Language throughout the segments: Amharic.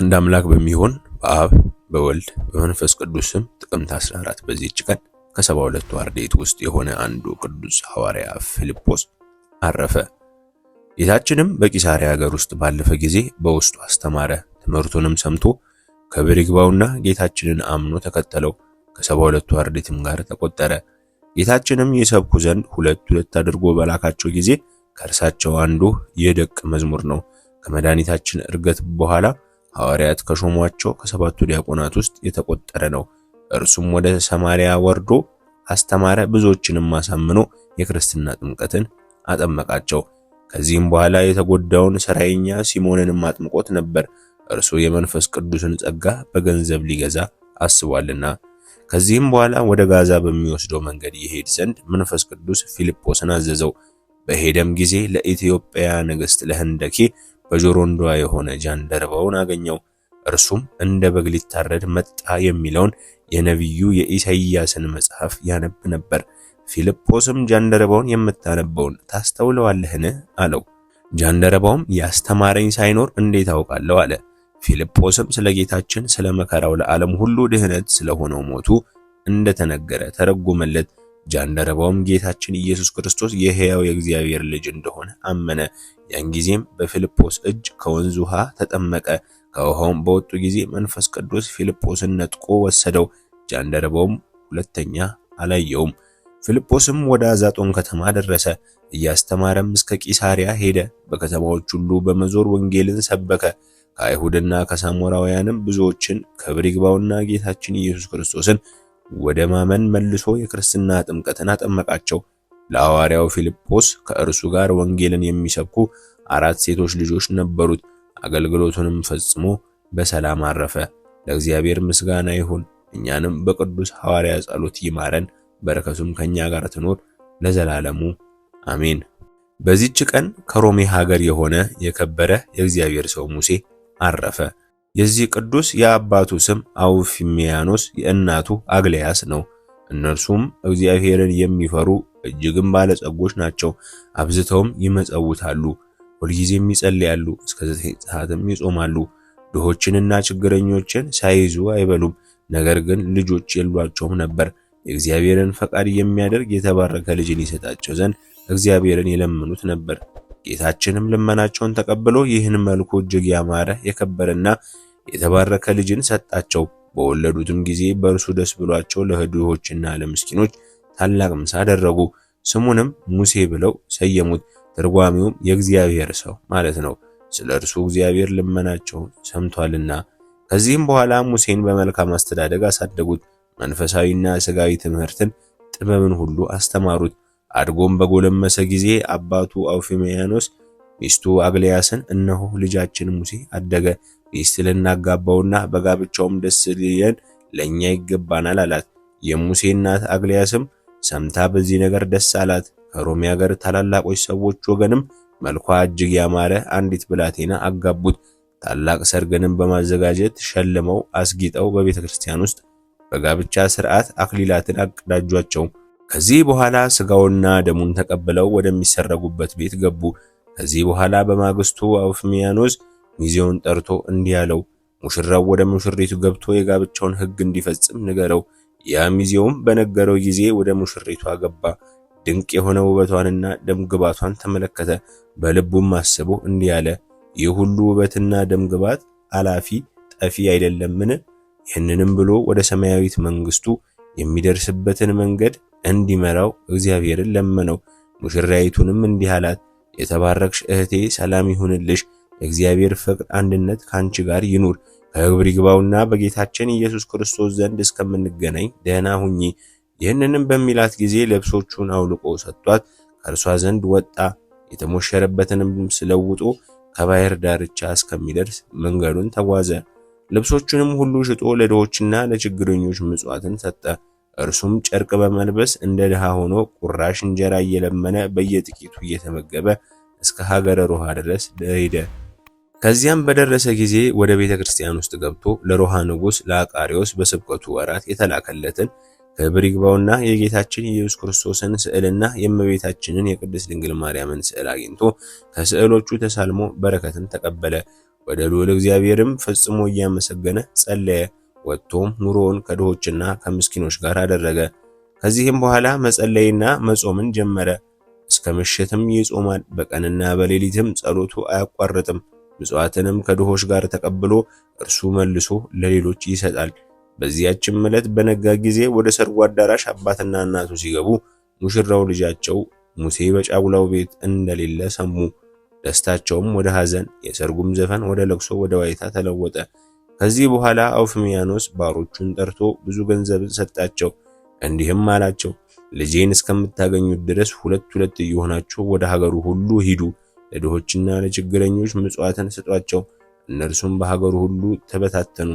አንድ አምላክ በሚሆን በአብ በወልድ በመንፈስ ቅዱስ ስም ጥቅምት 14 በዚህች ቀን ከሰባ ሁለቱ አርድእት ውስጥ የሆነ አንዱ ቅዱስ ሐዋርያ ፊልጶስ አረፈ። ጌታችንም በቂሳሪያ ሀገር ውስጥ ባለፈ ጊዜ በውስጡ አስተማረ። ትምህርቱንም ሰምቶ ክብር ይግባውና ጌታችንን አምኖ ተከተለው፣ ከሰባ ሁለቱ አርድእትም ጋር ተቆጠረ። ጌታችንም ይሰብኩ ዘንድ ሁለት ሁለት አድርጎ በላካቸው ጊዜ ከእርሳቸው አንዱ የደቅ መዝሙር ነው ከመድኃኒታችን እርገት በኋላ ሐዋርያት ከሾሟቸው ከሰባቱ ዲያቆናት ውስጥ የተቆጠረ ነው። እርሱም ወደ ሰማሪያ ወርዶ አስተማረ፣ ብዙዎችንም አሳምኖ የክርስትና ጥምቀትን አጠመቃቸው። ከዚህም በኋላ የተጎዳውን ሰራይኛ ሲሞንንም አጥምቆት ነበር። እርሱ የመንፈስ ቅዱስን ጸጋ በገንዘብ ሊገዛ አስቧልና። ከዚህም በኋላ ወደ ጋዛ በሚወስደው መንገድ ይሄድ ዘንድ መንፈስ ቅዱስ ፊልጶስን አዘዘው። በሄደም ጊዜ ለኢትዮጵያ ንግሥት ለህንደኬ በጆሮንዷ የሆነ ጃንደረባውን አገኘው። እርሱም እንደ በግ ሊታረድ መጣ የሚለውን የነቢዩ የኢሳይያስን መጽሐፍ ያነብ ነበር። ፊልጶስም ጃንደረባውን የምታነበውን ታስተውለዋለህን? አለው። ጃንደረባውም ያስተማረኝ ሳይኖር እንዴት አውቃለሁ? አለ። ፊልጶስም ስለ ጌታችን ስለ መከራው ለዓለም ሁሉ ድህነት ስለሆነው ሞቱ እንደተነገረ ተረጎመለት። ጃንደረባውም ጌታችን ኢየሱስ ክርስቶስ የሕያው የእግዚአብሔር ልጅ እንደሆነ አመነ። ያን ጊዜም በፊልጶስ እጅ ከወንዝ ውሃ ተጠመቀ። ከውሃውም በወጡ ጊዜ መንፈስ ቅዱስ ፊልጶስን ነጥቆ ወሰደው። ጃንደረባውም ሁለተኛ አላየውም። ፊልጶስም ወደ አዛጦን ከተማ ደረሰ። እያስተማረም እስከ ቂሳሪያ ሄደ። በከተማዎች ሁሉ በመዞር ወንጌልን ሰበከ። ከአይሁድና ከሳሞራውያንም ብዙዎችን ክብር ይግባውና ጌታችን ኢየሱስ ክርስቶስን ወደ ማመን መልሶ የክርስትና ጥምቀትን አጠመቃቸው። ለሐዋርያው ፊልጶስ ከእርሱ ጋር ወንጌልን የሚሰብኩ አራት ሴቶች ልጆች ነበሩት። አገልግሎቱንም ፈጽሞ በሰላም አረፈ። ለእግዚአብሔር ምስጋና ይሁን፣ እኛንም በቅዱስ ሐዋርያ ጸሎት ይማረን፣ በረከቱም ከኛ ጋር ትኖር ለዘላለሙ አሜን። በዚች ቀን ከሮሜ ሀገር የሆነ የከበረ የእግዚአብሔር ሰው ሙሴ አረፈ። የዚህ ቅዱስ የአባቱ ስም አውፊሚያኖስ የእናቱ አግሊያስ ነው። እነርሱም እግዚአብሔርን የሚፈሩ እጅግም ባለጸጎች ናቸው። አብዝተውም ይመጸውታሉ፣ ሁልጊዜም ይጸልያሉ፣ እስከ ዘጠኝ ሰዓትም ይጾማሉ። ድሆችንና ችግረኞችን ሳይዙ አይበሉም። ነገር ግን ልጆች የሏቸውም ነበር። የእግዚአብሔርን ፈቃድ የሚያደርግ የተባረከ ልጅን ይሰጣቸው ዘንድ እግዚአብሔርን የለምኑት ነበር። ጌታችንም ልመናቸውን ተቀብሎ ይህን መልኩ እጅግ ያማረ የከበረና የተባረከ ልጅን ሰጣቸው። በወለዱትም ጊዜ በእርሱ ደስ ብሏቸው ለድሆችና ለምስኪኖች ታላቅ ምሳ አደረጉ። ስሙንም ሙሴ ብለው ሰየሙት። ትርጓሚውም የእግዚአብሔር ሰው ማለት ነው፣ ስለ እርሱ እግዚአብሔር ልመናቸውን ሰምቷልና። ከዚህም በኋላ ሙሴን በመልካም አስተዳደግ አሳደጉት። መንፈሳዊና ስጋዊ ትምህርትን ጥበብን ሁሉ አስተማሩት። አድጎም በጎለመሰ ጊዜ አባቱ አውፊሜያኖስ ሚስቱ አግሊያስን እነሆ ልጃችን ሙሴ አደገ፣ ሚስት ልናጋባውና በጋብቻውም ደስ ሊለን ለእኛ ይገባናል አላት። የሙሴ እናት አግሊያስም ሰምታ በዚህ ነገር ደስ አላት። ከሮሚ ሀገር ታላላቆች ሰዎች ወገንም መልኳ እጅግ ያማረ አንዲት ብላቴና አጋቡት። ታላቅ ሰርግንም በማዘጋጀት ሸልመው አስጊጠው በቤተ ክርስቲያን ውስጥ በጋብቻ ስርዓት አክሊላትን አቀዳጇቸው። ከዚህ በኋላ ስጋውና ደሙን ተቀብለው ወደሚሰረጉበት ቤት ገቡ። ከዚህ በኋላ በማግስቱ አውፍሚያኖስ ሚዜውን ጠርቶ እንዲህ አለው፣ ሙሽራው ወደ ሙሽሪቱ ገብቶ የጋብቻውን ሕግ እንዲፈጽም ንገረው። ያ ሚዜውም በነገረው ጊዜ ወደ ሙሽሪቷ ገባ። ድንቅ የሆነ ውበቷንና ደም ግባቷን ተመለከተ። በልቡም አስቦ እንዲህ አለ፣ ይህ ሁሉ ውበትና ደምግባት አላፊ ጠፊ አይደለምን? ይህንንም ብሎ ወደ ሰማያዊት መንግስቱ የሚደርስበትን መንገድ እንዲመራው እግዚአብሔርን ለመነው። ሙሽራይቱንም እንዲህ አላት፣ የተባረክሽ እህቴ ሰላም ይሁንልሽ፣ የእግዚአብሔር ፍቅር አንድነት ከአንቺ ጋር ይኑር። ከግብር ይግባውና በጌታችን ኢየሱስ ክርስቶስ ዘንድ እስከምንገናኝ ደህና ሁኚ። ይህንንም በሚላት ጊዜ ልብሶቹን አውልቆ ሰጥቷት ከእርሷ ዘንድ ወጣ። የተሞሸረበትንም ስለውጦ ከባህር ዳርቻ እስከሚደርስ መንገዱን ተጓዘ። ልብሶቹንም ሁሉ ሽጦ ለድሆችና ለችግረኞች ምጽዋትን ሰጠ። እርሱም ጨርቅ በመልበስ እንደ ድሃ ሆኖ ቁራሽ እንጀራ እየለመነ በየጥቂቱ እየተመገበ እስከ ሀገረ ሮሃ ድረስ ሄደ። ከዚያም በደረሰ ጊዜ ወደ ቤተ ክርስቲያን ውስጥ ገብቶ ለሮሃ ንጉሥ ለአቃሪዎስ በስብከቱ ወራት የተላከለትን ክብር ይግባውና የጌታችን ኢየሱስ ክርስቶስን ስዕልና የእመቤታችንን የቅድስት ድንግል ማርያምን ስዕል አግኝቶ ከስዕሎቹ ተሳልሞ በረከትን ተቀበለ። ወደ ልዑል እግዚአብሔርም ፈጽሞ እያመሰገነ ጸለየ። ወጥቶም ኑሮውን ከድሆችና ከምስኪኖች ጋር አደረገ። ከዚህም በኋላ መጸለይና መጾምን ጀመረ። እስከ ምሽትም ይጾማል። በቀንና በሌሊትም ጸሎቱ አያቋርጥም። ምጽዋትንም ከድሆች ጋር ተቀብሎ እርሱ መልሶ ለሌሎች ይሰጣል። በዚያችም ዕለት በነጋ ጊዜ ወደ ሰርጉ አዳራሽ አባትና እናቱ ሲገቡ ሙሽራው ልጃቸው ሙሴ በጫጉላው ቤት እንደሌለ ሰሙ። ደስታቸውም ወደ ሐዘን፣ የሰርጉም ዘፈን ወደ ለቅሶ፣ ወደ ዋይታ ተለወጠ። ከዚህ በኋላ አውፍሚያኖስ ባሮቹን ጠርቶ ብዙ ገንዘብን ሰጣቸው። እንዲህም አላቸው፣ ልጄን እስከምታገኙት ድረስ ሁለት ሁለት እየሆናችሁ ወደ ሀገሩ ሁሉ ሂዱ፣ ለድሆችና ለችግረኞች ምጽዋትን ስጧቸው። እነርሱም በሀገሩ ሁሉ ተበታተኑ።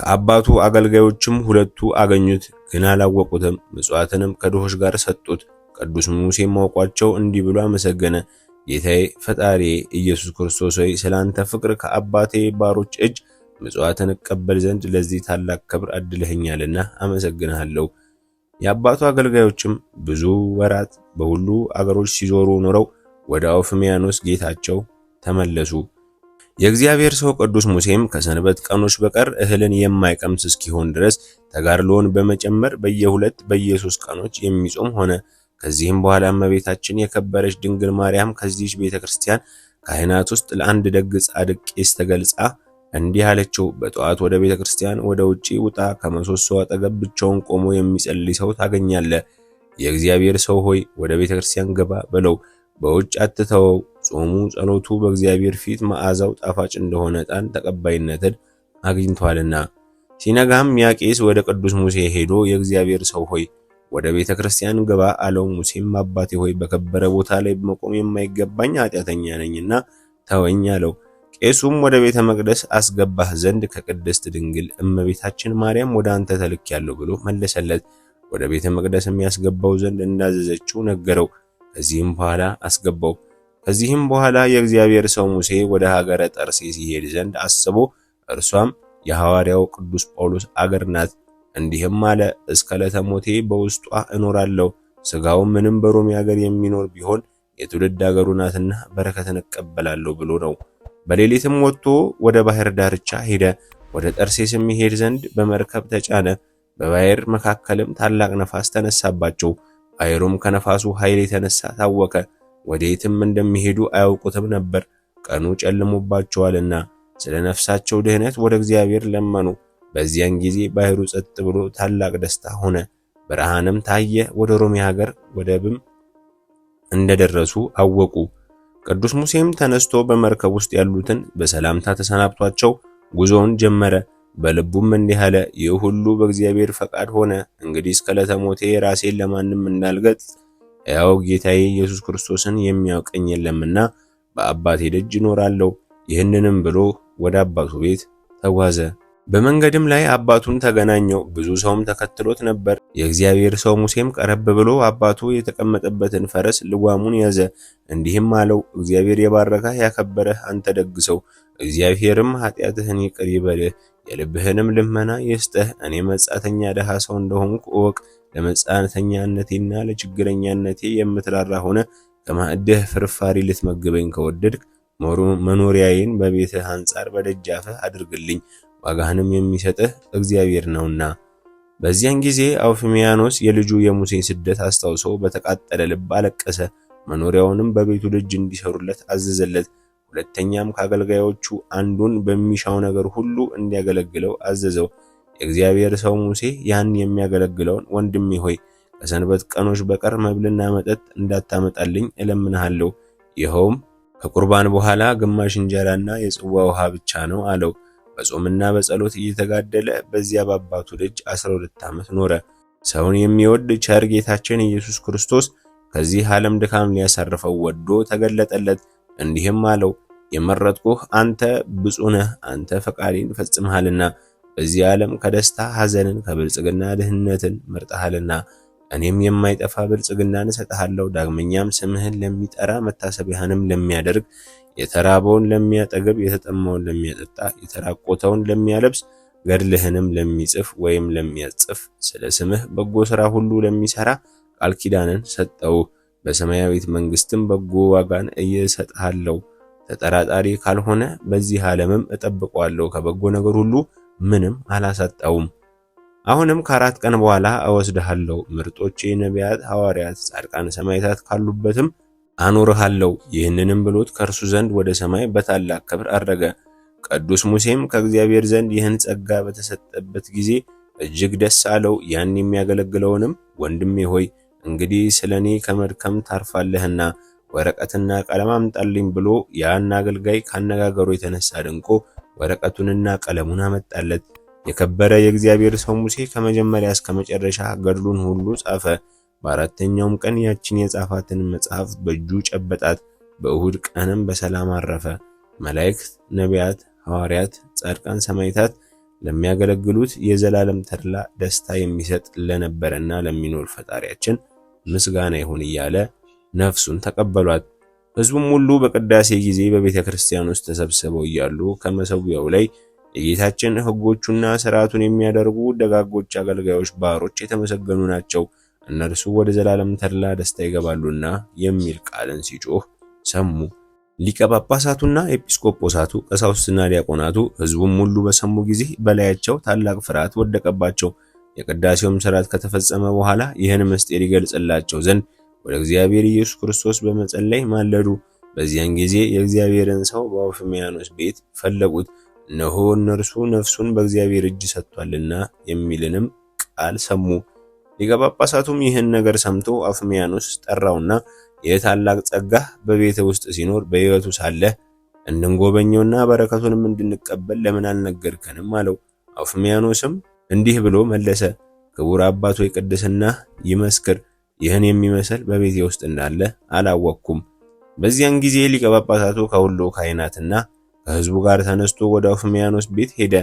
ከአባቱ አገልጋዮችም ሁለቱ አገኙት፣ ግን አላወቁትም። ምጽዋትንም ከድሆች ጋር ሰጡት። ቅዱስ ሙሴ ማውቋቸው እንዲህ ብሎ አመሰገነ። ጌታዬ ፈጣሪ ኢየሱስ ክርስቶስ ሆይ ስለ አንተ ፍቅር ከአባቴ ባሮች እጅ ምጽዋትን እቀበል ዘንድ ለዚህ ታላቅ ክብር አድልህኛልና አመሰግንሃለሁ። የአባቱ አገልጋዮችም ብዙ ወራት በሁሉ አገሮች ሲዞሩ ኖረው ወደ አውፍሚያኖስ ጌታቸው ተመለሱ። የእግዚአብሔር ሰው ቅዱስ ሙሴም ከሰንበት ቀኖች በቀር እህልን የማይቀምስ እስኪሆን ድረስ ተጋድሎውን በመጨመር በየሁለት በየሶስት ቀኖች የሚጾም ሆነ። ከዚህም በኋላ እመቤታችን የከበረች ድንግል ማርያም ከዚህች ቤተ ክርስቲያን ካህናት ውስጥ ለአንድ ደግ ጻድቅ ቄስ ተገልጻ እንዲህ አለችው። በጠዋት ወደ ቤተ ክርስቲያን ወደ ውጪ ውጣ፣ ከመሶሶ አጠገብ ብቻውን ቆሞ የሚጸልይ ሰው ታገኛለ። የእግዚአብሔር ሰው ሆይ ወደ ቤተ ክርስቲያን ገባ በለው፣ በውጭ አትተወው። ጾሙ፣ ጸሎቱ በእግዚአብሔር ፊት መዓዛው ጣፋጭ እንደሆነ ዕጣን ተቀባይነትን አግኝቷልና። ሲነጋም ያ ቄስ ወደ ቅዱስ ሙሴ ሄዶ የእግዚአብሔር ሰው ሆይ ወደ ቤተ ክርስቲያን ግባ አለው። ሙሴም አባቴ ሆይ በከበረ ቦታ ላይ መቆም የማይገባኝ ኃጢአተኛ ነኝና ተወኝ አለው። ቄሱም ወደ ቤተ መቅደስ አስገባህ ዘንድ ከቅድስት ድንግል እመቤታችን ማርያም ወደ አንተ ተልኬያለሁ ብሎ መለሰለት። ወደ ቤተ መቅደስ የሚያስገባው ዘንድ እንዳዘዘችው ነገረው። ከዚህም በኋላ አስገባው። ከዚህም በኋላ የእግዚአብሔር ሰው ሙሴ ወደ ሀገረ ጠርሴ ሲሄድ ዘንድ አስቦ፣ እርሷም የሐዋርያው ቅዱስ ጳውሎስ አገር ናት። እንዲህም አለ፣ እስከ ለተሞቴ በውስጧ እኖራለሁ። ስጋው ምንም በሮሜ ሀገር የሚኖር ቢሆን የትውልድ ሀገሩ ናትና በረከትን እቀበላለሁ ብሎ ነው። በሌሊትም ወጥቶ ወደ ባህር ዳርቻ ሄደ። ወደ ጠርሴስ የሚሄድ ዘንድ በመርከብ ተጫነ። በባህር መካከልም ታላቅ ነፋስ ተነሳባቸው። ባህሩም ከነፋሱ ኃይል የተነሳ ታወከ። ወዴትም እንደሚሄዱ አያውቁትም ነበር፣ ቀኑ ጨልሞባቸዋልና። ስለ ነፍሳቸው ድህነት ወደ እግዚአብሔር ለመኑ። በዚያን ጊዜ ባህሩ ጸጥ ብሎ ታላቅ ደስታ ሆነ። ብርሃንም ታየ። ወደ ሮሜ ሀገር ወደብም እንደደረሱ አወቁ። ቅዱስ ሙሴም ተነስቶ በመርከብ ውስጥ ያሉትን በሰላምታ ተሰናብቷቸው ጉዞውን ጀመረ። በልቡም እንዲህ አለ፣ ይህ ሁሉ በእግዚአብሔር ፈቃድ ሆነ። እንግዲህ እስከ ዕለተ ሞቴ ራሴን ለማንም እንዳልገጽ ያው ጌታዬ ኢየሱስ ክርስቶስን የሚያውቀኝ የለምና በአባቴ ደጅ እኖራለሁ። ይህንንም ብሎ ወደ አባቱ ቤት ተጓዘ። በመንገድም ላይ አባቱን ተገናኘው፣ ብዙ ሰውም ተከትሎት ነበር። የእግዚአብሔር ሰው ሙሴም ቀረብ ብሎ አባቱ የተቀመጠበትን ፈረስ ልጓሙን ያዘ፣ እንዲህም አለው፦ እግዚአብሔር የባረከህ ያከበረህ አንተ ደግ ሰው፣ እግዚአብሔርም ኃጢአትህን ይቅር ይበልህ፣ የልብህንም ልመና ይስጥህ። እኔ መጻተኛ ደሃ ሰው እንደሆንኩ እወቅ። ለመጻተኛነቴና ለችግረኛነቴ የምትራራ ሆነ ከማዕድህ ፍርፋሪ ልትመግበኝ ከወደድክ መኖሪያዬን በቤትህ አንጻር በደጃፍህ አድርግልኝ ዋጋህንም የሚሰጥህ እግዚአብሔር ነውና። በዚያን ጊዜ አውፍሚያኖስ የልጁ የሙሴን ስደት አስታውሶ በተቃጠለ ልብ አለቀሰ። መኖሪያውንም በቤቱ ደጅ እንዲሰሩለት አዘዘለት። ሁለተኛም ከአገልጋዮቹ አንዱን በሚሻው ነገር ሁሉ እንዲያገለግለው አዘዘው። የእግዚአብሔር ሰው ሙሴ ያን የሚያገለግለውን ወንድሜ ሆይ ከሰንበት ቀኖች በቀር መብልና መጠጥ እንዳታመጣልኝ እለምንሃለሁ፣ ይኸውም ከቁርባን በኋላ ግማሽ እንጀራና የጽዋ ውሃ ብቻ ነው አለው። በጾምና በጸሎት እየተጋደለ በዚያ በአባቱ ደጅ 12 ዓመት ኖረ። ሰውን የሚወድ ቸር ጌታችን ኢየሱስ ክርስቶስ ከዚህ ዓለም ድካም ሊያሳርፈው ወዶ ተገለጠለት። እንዲህም አለው የመረጥኩህ አንተ ብፁዕ ነህ፣ አንተ ፈቃዴን ፈጽመሃልና በዚህ ዓለም ከደስታ ሐዘንን፣ ከብልጽግና ድህነትን መርጠሃልና እኔም የማይጠፋ ብልጽግናን እሰጥሃለሁ። ዳግመኛም ስምህን ለሚጠራ መታሰቢያህንም ለሚያደርግ የተራበውን ለሚያጠግብ፣ የተጠማውን ለሚያጠጣ፣ የተራቆተውን ለሚያለብስ፣ ገድልህንም ለሚጽፍ ወይም ለሚያጽፍ፣ ስለ ስምህ በጎ ሥራ ሁሉ ለሚሠራ ቃል ኪዳንን ሰጠው። በሰማያዊት መንግሥትም በጎ ዋጋን እየሰጥሃለው። ተጠራጣሪ ካልሆነ በዚህ ዓለምም እጠብቀዋለሁ፣ ከበጎ ነገር ሁሉ ምንም አላሳጣውም። አሁንም ከአራት ቀን በኋላ እወስድሃለሁ። ምርጦቼ ነቢያት፣ ሐዋርያት፣ ጻድቃን፣ ሰማዕታት ካሉበትም አኖርሃለሁ። ይህንንም ብሎት ከእርሱ ዘንድ ወደ ሰማይ በታላቅ ክብር አረገ። ቅዱስ ሙሴም ከእግዚአብሔር ዘንድ ይህን ጸጋ በተሰጠበት ጊዜ እጅግ ደስ አለው። ያን የሚያገለግለውንም ወንድሜ ሆይ እንግዲህ ስለ እኔ ከመድከም ታርፋለህና ወረቀትና ቀለም አምጣልኝ ብሎ ያን አገልጋይ ካነጋገሩ የተነሳ ድንቆ ወረቀቱንና ቀለሙን አመጣለት። የከበረ የእግዚአብሔር ሰው ሙሴ ከመጀመሪያ እስከ መጨረሻ ገድሉን ሁሉ ጻፈ። በአራተኛውም ቀን ያችን የጻፋትን መጽሐፍ በእጁ ጨበጣት። በእሁድ ቀንም በሰላም አረፈ። መላእክት፣ ነቢያት፣ ሐዋርያት፣ ጻድቃን፣ ሰማዕታት ለሚያገለግሉት የዘላለም ተድላ ደስታ የሚሰጥ ለነበረና ለሚኖር ፈጣሪያችን ምስጋና ይሁን እያለ ነፍሱን ተቀበሏት። ሕዝቡም ሁሉ በቅዳሴ ጊዜ በቤተ ክርስቲያን ውስጥ ተሰብስበው እያሉ ከመሰዊያው ላይ የጌታችን ሕጎቹና ሥርዓቱን የሚያደርጉ ደጋጎች አገልጋዮች ባሮች የተመሰገኑ ናቸው እነርሱ ወደ ዘላለም ተድላ ደስታ ይገባሉና የሚል ቃልን ሲጮህ ሰሙ። ሊቀ ጳጳሳቱና ኤጲስቆጶሳቱ፣ ቀሳውስትና ዲያቆናቱ፣ ሕዝቡም ሁሉ በሰሙ ጊዜ በላያቸው ታላቅ ፍርሃት ወደቀባቸው። የቅዳሴውም ሥርዓት ከተፈጸመ በኋላ ይህን ምስጢር ይገልጽላቸው ዘንድ ወደ እግዚአብሔር ኢየሱስ ክርስቶስ በመጸለይ ማለዱ። በዚያን ጊዜ የእግዚአብሔርን ሰው በአውፍሚያኖስ ቤት ፈለጉት፣ እነሆ እነርሱ ነፍሱን በእግዚአብሔር እጅ ሰጥቷልና የሚልንም ቃል ሰሙ። ሊቀ ጳጳሳቱም ይህን ነገር ሰምቶ አፍሚያኖስ ጠራውና የታላቅ ጸጋ በቤተ ውስጥ ሲኖር በሕይወቱ ሳለ እንድንጎበኘውና በረከቱንም እንድንቀበል ለምን አልነገርከንም? አለው። አፍሚያኖስም እንዲህ ብሎ መለሰ፣ ክቡር አባቱ የቅድስና ይመስክር፣ ይህን የሚመስል በቤቴ ውስጥ እንዳለ አላወቅኩም። በዚያን ጊዜ ሊቀ ጳጳሳቱ ከሁሉ ካህናትና ከሕዝቡ ጋር ተነስቶ ወደ አፍሚያኖስ ቤት ሄደ።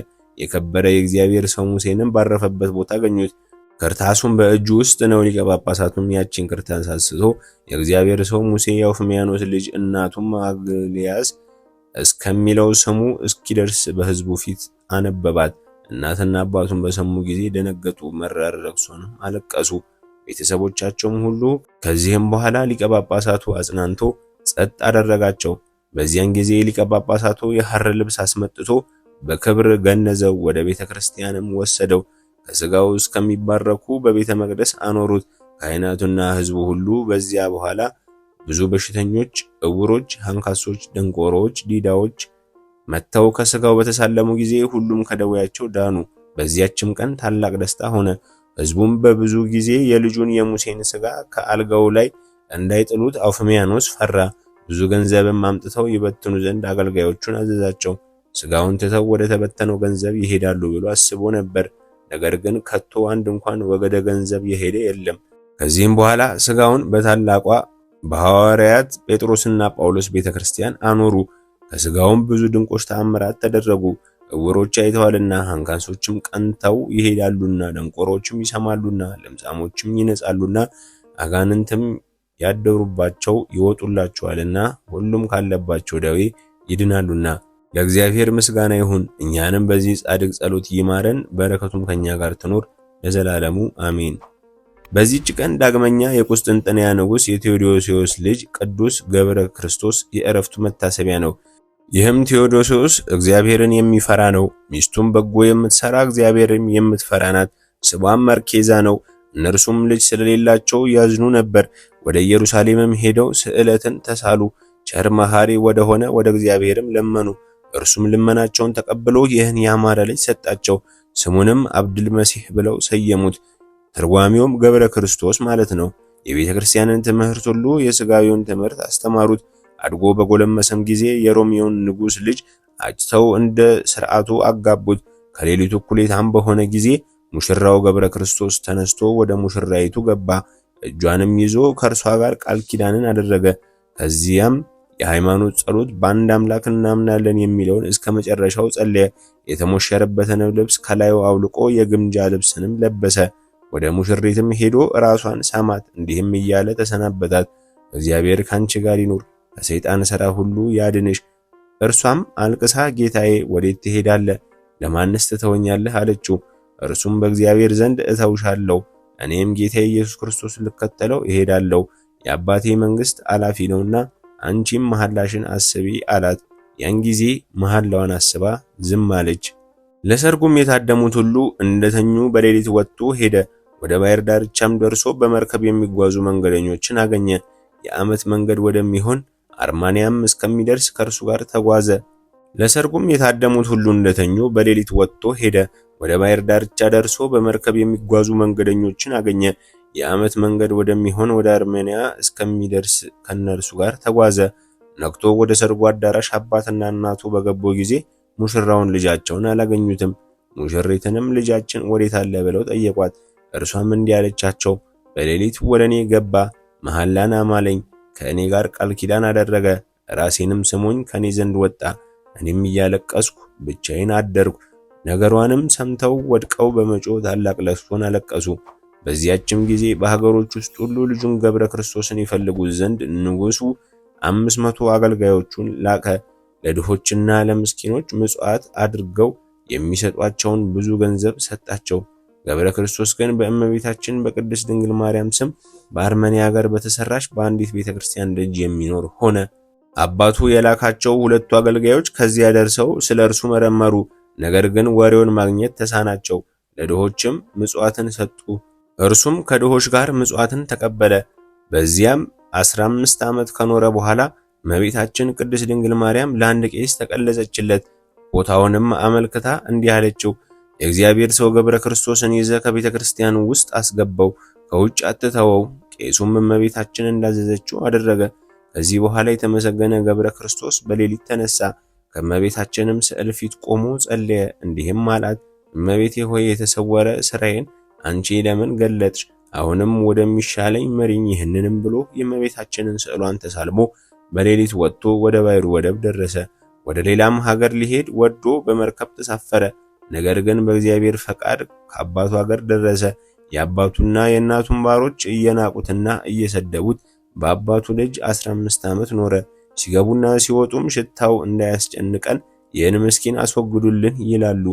የከበረ የእግዚአብሔር ሰው ሙሴንም ባረፈበት ቦታ አገኙት። ክርታሱን በእጁ ውስጥ ነው። ሊቀ ጳጳሳቱም ያችን ክርታስ አንስቶ የእግዚአብሔር ሰው ሙሴ የአውፍሚያኖስ ልጅ እናቱም አግሊያስ እስከሚለው ስሙ እስኪደርስ በሕዝቡ ፊት አነበባት። እናትና አባቱን በሰሙ ጊዜ ደነገጡ፣ መራር ለቅሶንም አለቀሱ ቤተሰቦቻቸውም ሁሉ። ከዚህም በኋላ ሊቀ ጳጳሳቱ አጽናንቶ ጸጥ አደረጋቸው። በዚያን ጊዜ ሊቀ ጳጳሳቱ የሐር ልብስ አስመጥቶ በክብር ገነዘው፣ ወደ ቤተ ክርስቲያንም ወሰደው። በሥጋው እስከሚባረኩ በቤተ መቅደስ አኖሩት። ካህናቱና ሕዝቡ ሁሉ በዚያ በኋላ ብዙ በሽተኞች፣ እውሮች፣ አንካሶች፣ ደንቆሮዎች፣ ዲዳዎች መጥተው ከሥጋው በተሳለሙ ጊዜ ሁሉም ከደዌያቸው ዳኑ። በዚያችም ቀን ታላቅ ደስታ ሆነ። ሕዝቡም በብዙ ጊዜ የልጁን የሙሴን ሥጋ ከአልጋው ላይ እንዳይጥሉት አውፍሚያኖስ ፈራ። ብዙ ገንዘብም አምጥተው ይበትኑ ዘንድ አገልጋዮቹን አዘዛቸው። ሥጋውን ትተው ወደ ተበተነው ገንዘብ ይሄዳሉ ብሎ አስቦ ነበር። ነገር ግን ከቶ አንድ እንኳን ወገደ ገንዘብ የሄደ የለም። ከዚህም በኋላ ስጋውን በታላቋ በሐዋርያት ጴጥሮስና ጳውሎስ ቤተክርስቲያን አኖሩ። ከስጋውም ብዙ ድንቆች ተአምራት ተደረጉ። እውሮች አይተዋልና፣ አንካሶችም ቀንተው ይሄዳሉና፣ ደንቆሮችም ይሰማሉና፣ ለምጻሞችም ይነጻሉና፣ አጋንንትም ያደሩባቸው ይወጡላቸዋልና፣ ሁሉም ካለባቸው ደዌ ይድናሉና ለእግዚአብሔር ምስጋና ይሁን። እኛንም በዚህ ጻድቅ ጸሎት ይማረን፣ በረከቱም ከኛ ጋር ትኖር ለዘላለሙ አሜን። በዚህች ቀን ዳግመኛ የቁስጥንጥንያ ንጉሥ የቴዎዶሲዎስ ልጅ ቅዱስ ገብረ ክርስቶስ የእረፍቱ መታሰቢያ ነው። ይህም ቴዎዶሲዎስ እግዚአብሔርን የሚፈራ ነው። ሚስቱም በጎ የምትሰራ እግዚአብሔርም የምትፈራ ናት። ስሟም መርኬዛ ነው። እነርሱም ልጅ ስለሌላቸው ያዝኑ ነበር። ወደ ኢየሩሳሌምም ሄደው ስዕለትን ተሳሉ። ቸር መሐሪ ሆነ ወደ እግዚአብሔርም ለመኑ። እርሱም ልመናቸውን ተቀብሎ ይህን ያማረ ልጅ ሰጣቸው። ስሙንም አብድል መሲህ ብለው ሰየሙት። ትርጓሚውም ገብረ ክርስቶስ ማለት ነው። የቤተ ክርስቲያንን ትምህርት ሁሉ የስጋዊውን ትምህርት አስተማሩት። አድጎ በጎለመሰም ጊዜ የሮሚዮን ንጉሥ ልጅ አጭተው እንደ ስርዓቱ አጋቡት። ከሌሊቱ እኩሌታም በሆነ ጊዜ ሙሽራው ገብረ ክርስቶስ ተነስቶ ወደ ሙሽራይቱ ገባ። እጇንም ይዞ ከእርሷ ጋር ቃል ኪዳንን አደረገ። ከዚያም የሃይማኖት ጸሎት በአንድ አምላክ እናምናለን የሚለውን እስከ መጨረሻው ጸለየ። የተሞሸረበትን ልብስ ከላዩ አውልቆ የግምጃ ልብስንም ለበሰ። ወደ ሙሽሪትም ሄዶ ራሷን ሳማት። እንዲህም እያለ ተሰናበታት። እግዚአብሔር ካንቺ ጋር ይኑር፣ ከሰይጣን ሥራ ሁሉ ያድንሽ። እርሷም አልቅሳ ጌታዬ ወዴት ትሄዳለህ? ለማንስ ትተወኛለህ? አለችው። እርሱም በእግዚአብሔር ዘንድ እተውሻለሁ፣ እኔም ጌታ ኢየሱስ ክርስቶስ ልከተለው እሄዳለሁ። የአባቴ መንግሥት አላፊ ነውና አንቺም መሐላሽን አስቢ አላት። ያን ጊዜ መሐላዋን አስባ ዝም አለች። ለሰርጉም የታደሙት ሁሉ እንደተኙ በሌሊት ወጥቶ ሄደ። ወደ ባህር ዳርቻም ደርሶ በመርከብ የሚጓዙ መንገደኞችን አገኘ። የዓመት መንገድ ወደሚሆን አርማንያም እስከሚደርስ ከእርሱ ጋር ተጓዘ። ለሰርጉም የታደሙት ሁሉ እንደተኙ በሌሊት ወጥቶ ሄደ። ወደ ባህር ዳርቻ ደርሶ በመርከብ የሚጓዙ መንገደኞችን አገኘ። የዓመት መንገድ ወደሚሆን ወደ አርሜንያ እስከሚደርስ ከነርሱ ጋር ተጓዘ። ነቅቶ ወደ ሰርጉ አዳራሽ አባትና እናቱ በገቡ ጊዜ ሙሽራውን ልጃቸውን አላገኙትም። ሙሽሪትንም ልጃችን ወዴት አለ ብለው ጠየቋት። እርሷም እንዲህ አለቻቸው፣ በሌሊት ወደ እኔ ገባ፣ መሐላን አማለኝ፣ ከእኔ ጋር ቃል ኪዳን አደረገ፣ ራሴንም ስሞኝ ከእኔ ዘንድ ወጣ። እኔም እያለቀስኩ ብቻዬን አደርኩ። ነገሯንም ሰምተው ወድቀው በመጮ ታላቅ ለቅሶን አለቀሱ። በዚያችም ጊዜ በሀገሮች ውስጥ ሁሉ ልጁን ገብረ ክርስቶስን ይፈልጉት ዘንድ ንጉሱ አምስት መቶ አገልጋዮቹን ላከ። ለድሆችና ለምስኪኖች ምጽዋት አድርገው የሚሰጧቸውን ብዙ ገንዘብ ሰጣቸው። ገብረ ክርስቶስ ግን በእመቤታችን በቅድስት ድንግል ማርያም ስም በአርመኒያ ሀገር በተሰራች በአንዲት ቤተ ክርስቲያን ደጅ የሚኖር ሆነ። አባቱ የላካቸው ሁለቱ አገልጋዮች ከዚያ ደርሰው ስለ እርሱ መረመሩ። ነገር ግን ወሬውን ማግኘት ተሳናቸው። ለድሆችም ምጽዋትን ሰጡ። እርሱም ከድሆች ጋር ምጽዋትን ተቀበለ። በዚያም 15 ዓመት ከኖረ በኋላ እመቤታችን ቅድስት ድንግል ማርያም ለአንድ ቄስ ተቀለጸችለት። ቦታውንም አመልክታ እንዲህ አለችው፣ የእግዚአብሔር ሰው ገብረ ክርስቶስን ይዘ ከቤተ ክርስቲያን ውስጥ አስገባው፣ ከውጭ አትተወው። ቄሱም እመቤታችን እንዳዘዘችው አደረገ። ከዚህ በኋላ የተመሰገነ ገብረ ክርስቶስ በሌሊት ተነሳ፣ ከእመቤታችንም ስዕል ፊት ቆሞ ጸለየ። እንዲህም አላት፣ እመቤቴ ሆይ የተሰወረ ስራዬን አንቺ ለምን ገለጥሽ? አሁንም ወደሚሻለኝ መሪኝ። ይህንንም ብሎ የእመቤታችንን ስዕሏን ተሳልሞ በሌሊት ወጥቶ ወደ ባይሩ ወደብ ደረሰ። ወደ ሌላም ሀገር ሊሄድ ወዶ በመርከብ ተሳፈረ። ነገር ግን በእግዚአብሔር ፈቃድ ከአባቱ ሀገር ደረሰ። የአባቱና የእናቱን ባሮች እየናቁትና እየሰደቡት በአባቱ ልጅ 15 ዓመት ኖረ። ሲገቡና ሲወጡም ሽታው እንዳያስጨንቀን ይህን ምስኪን አስወግዱልን ይላሉ።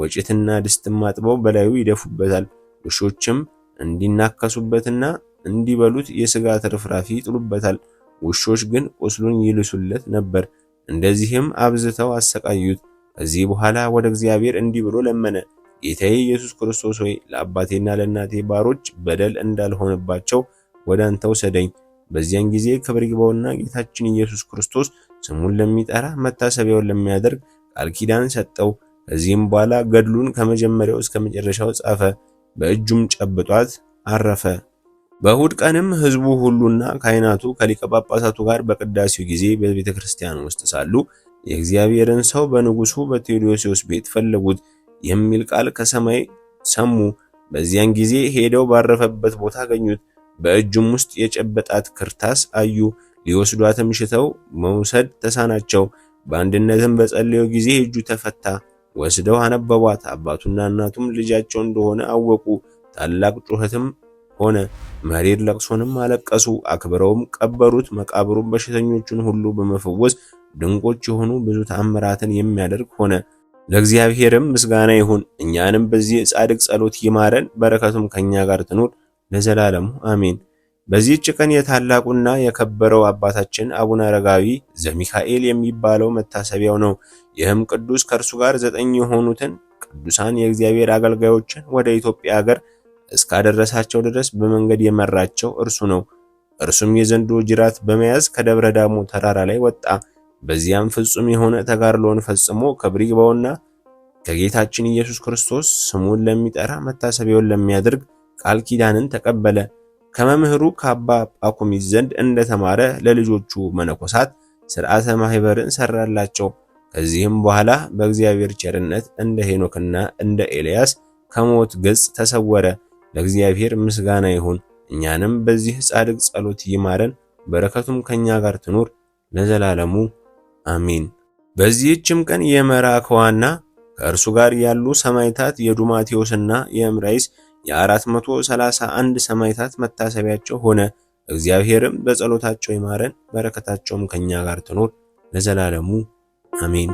ወጭትና ድስትም አጥበው በላዩ ይደፉበታል። ውሾችም እንዲናከሱበትና እንዲበሉት የሥጋ ትርፍራፊ ይጥሉበታል። ውሾች ግን ቁስሉን ይልሱለት ነበር። እንደዚህም አብዝተው አሰቃዩት። ከዚህ በኋላ ወደ እግዚአብሔር እንዲህ ብሎ ለመነ። ጌታዬ ኢየሱስ ክርስቶስ ሆይ ለአባቴና ለእናቴ ባሮች በደል እንዳልሆንባቸው ወደ አንተ ውሰደኝ። በዚያን ጊዜ ክብር ይግባውና ጌታችን ኢየሱስ ክርስቶስ ስሙን ለሚጠራ መታሰቢያውን ለሚያደርግ ቃል ኪዳን ሰጠው። ከዚህም በኋላ ገድሉን ከመጀመሪያው እስከ መጨረሻው ጻፈ። በእጁም ጨብጧት አረፈ። በእሁድ ቀንም ሕዝቡ ሁሉና ካህናቱ ከሊቀ ጳጳሳቱ ጋር በቅዳሴው ጊዜ በቤተ ክርስቲያን ውስጥ ሳሉ የእግዚአብሔርን ሰው በንጉሱ በቴዎዶሲዎስ ቤት ፈለጉት የሚል ቃል ከሰማይ ሰሙ። በዚያን ጊዜ ሄደው ባረፈበት ቦታ አገኙት። በእጁም ውስጥ የጨበጣት ክርታስ አዩ። ሊወስዷትም ሽተው መውሰድ ተሳናቸው። በአንድነትም በጸለዩ ጊዜ እጁ ተፈታ። ወስደው አነበቧት። አባቱና እናቱም ልጃቸው እንደሆነ አወቁ። ታላቅ ጩኸትም ሆነ፣ መሪር ለቅሶንም አለቀሱ። አክብረውም ቀበሩት። መቃብሩን በሽተኞቹን ሁሉ በመፈወስ ድንቆች የሆኑ ብዙ ተአምራትን የሚያደርግ ሆነ። ለእግዚአብሔርም ምስጋና ይሁን። እኛንም በዚህ ጻድቅ ጸሎት ይማረን፣ በረከቱም ከኛ ጋር ትኑር ለዘላለሙ አሜን። በዚህች ቀን የታላቁና የከበረው አባታችን አቡነ አረጋዊ ዘሚካኤል የሚባለው መታሰቢያው ነው። ይህም ቅዱስ ከእርሱ ጋር ዘጠኝ የሆኑትን ቅዱሳን የእግዚአብሔር አገልጋዮችን ወደ ኢትዮጵያ ሀገር እስካደረሳቸው ድረስ በመንገድ የመራቸው እርሱ ነው። እርሱም የዘንዶ ጅራት በመያዝ ከደብረ ዳሞ ተራራ ላይ ወጣ። በዚያም ፍጹም የሆነ ተጋድሎን ፈጽሞ ከብሪግባውና ከጌታችን ኢየሱስ ክርስቶስ ስሙን ለሚጠራ መታሰቢያውን ለሚያደርግ ቃል ኪዳንን ተቀበለ። ከመምህሩ ከአባ ጳኩሚስ ዘንድ እንደተማረ ለልጆቹ መነኮሳት ስርዓተ ማህበርን ሰራላቸው። ከዚህም በኋላ በእግዚአብሔር ቸርነት እንደ ሄኖክና እንደ ኤልያስ ከሞት ገጽ ተሰወረ። ለእግዚአብሔር ምስጋና ይሁን። እኛንም በዚህ ጻድቅ ጸሎት ይማረን፣ በረከቱም ከኛ ጋር ትኑር ለዘላለሙ አሚን። በዚህችም ቀን የመራክዋና ከእርሱ ጋር ያሉ ሰማይታት የዱማቴዎስና የእምራይስ የ431 ሰማዕታት መታሰቢያቸው ሆነ። እግዚአብሔርም በጸሎታቸው ይማረን፣ በረከታቸውም ከኛ ጋር ትኖር ለዘላለሙ አሜን።